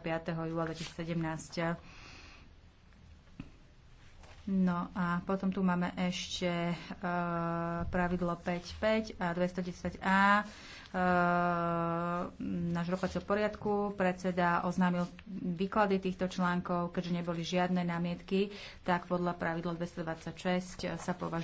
Slovenska 5. júla 2017. No a potom tu máme ešte eh, pravidlo 5.5 a 210a eh, náš rokovacieho poriadku. Predseda oznámil výklady týchto článkov, keďže neboli žiadne námietky, tak podľa pravidla 226 sa považujú